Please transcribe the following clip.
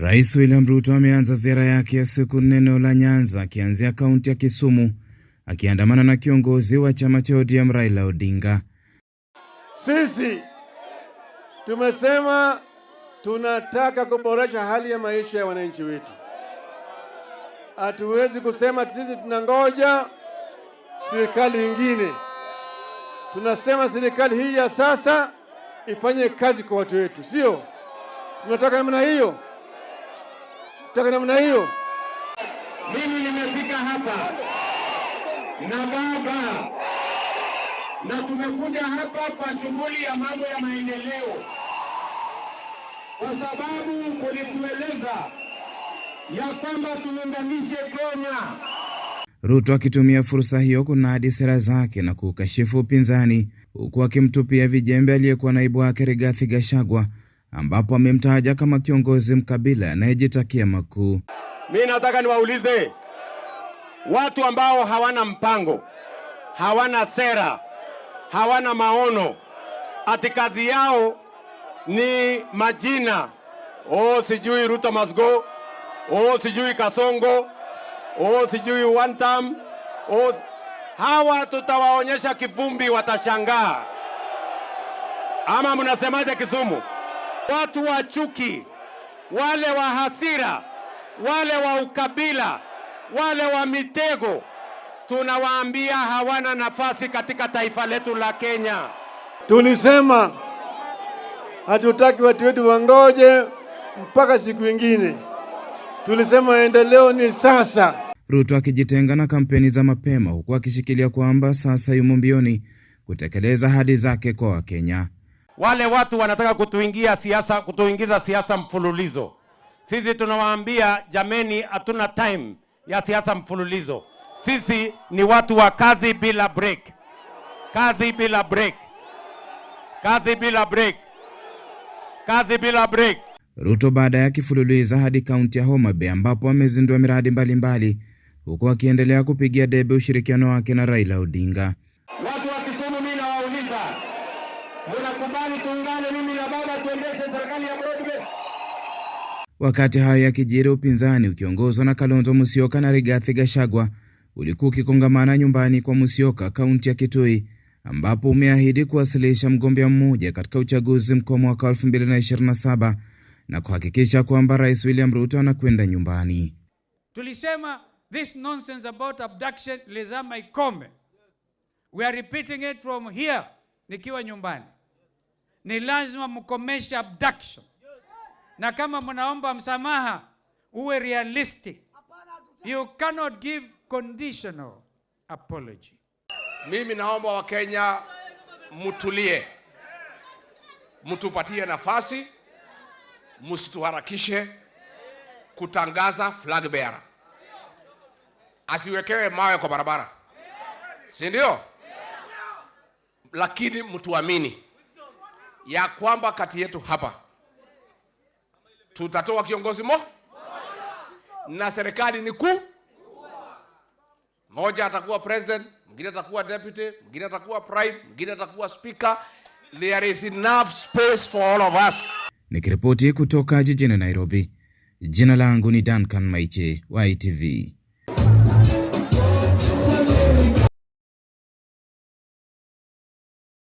Rais William Ruto ameanza ziara yake ya siku nne eneo la Nyanza, akianzia kaunti ya Kisumu akiandamana na kiongozi wa chama cha ODM Raila Odinga. Sisi tumesema tunataka kuboresha hali ya maisha ya wananchi wetu. Hatuwezi kusema sisi tunangoja serikali ingine. Tunasema serikali hii ya sasa ifanye kazi kwa watu wetu, sio? Tunataka namna hiyo taka namna hiyo. Mimi nimefika hapa na baba na tumekuja hapa kwa shughuli ya mambo ya maendeleo, kwa sababu kulitueleza ya kwamba tuunganishe Kenya. Ruto akitumia fursa hiyo kunadi sera zake na kuukashifu upinzani, huku akimtupia vijembe aliyekuwa naibu wake Rigathi Gachagua ambapo amemtaja kama kiongozi mkabila anayejitakia makuu. Mimi nataka niwaulize watu ambao hawana mpango, hawana sera, hawana maono, ati kazi yao ni majina o, oh, sijui Ruto must go, Oh, sijui Kasongo, o, oh, sijui one term, o, oh, hawa tutawaonyesha kivumbi, watashangaa. Ama mnasemaje Kisumu? Watu wa chuki, wale wa hasira, wale wa ukabila, wale wa mitego, tunawaambia hawana nafasi katika taifa letu la Kenya. Tulisema hatutaki watu wetu wangoje mpaka siku ingine. Tulisema endeleo ni sasa. Ruto akijitenga na kampeni za mapema, huku akishikilia kwamba sasa yumo mbioni kutekeleza ahadi zake kwa Wakenya. Wale watu wanataka kutuingia siasa, kutuingiza siasa mfululizo. Sisi tunawaambia jameni, hatuna time ya siasa mfululizo. Sisi ni watu wa kazi bila break, kazi bila break, kazi bila break, kazi bila break. Ruto baada ya kifululiza hadi kaunti ya Homa Bay ambapo amezindua miradi mbalimbali huku akiendelea kupigia debe ushirikiano wake na Raila Odinga unakubali tuungane mimi na baba tuendeshe serikali ya Broadway? Wakati hayo yakijiri, upinzani ukiongozwa na Kalonzo Musyoka na Rigathi Gachagua ulikuwa ukikongamana nyumbani kwa Musyoka kaunti ya Kitui ambapo umeahidi kuwasilisha mgombea mmoja katika uchaguzi mkuu wa mwaka 2027 na kuhakikisha kwamba Rais William Ruto anakwenda nyumbani. Tulisema this nonsense about abduction lazima ikome. We are repeating it from here nikiwa nyumbani ni lazima mkomeshe abduction. Na kama mnaomba msamaha uwe realistic. You cannot give conditional apology. Mimi naomba Wakenya mtulie, mtupatie nafasi, msituharakishe kutangaza flag bearer asiwekewe mawe kwa barabara, si ndio? Lakini mtuamini ya kwamba kati yetu hapa tutatoa kiongozi mo na serikali ni kuu moja, atakuwa president, mwingine atakuwa deputy, mwingine atakuwa prime, mwingine atakuwa speaker. There is enough space for all of us. Nikiripoti kutoka jijini Nairobi, jina langu ni Duncan Maiche wa ITV.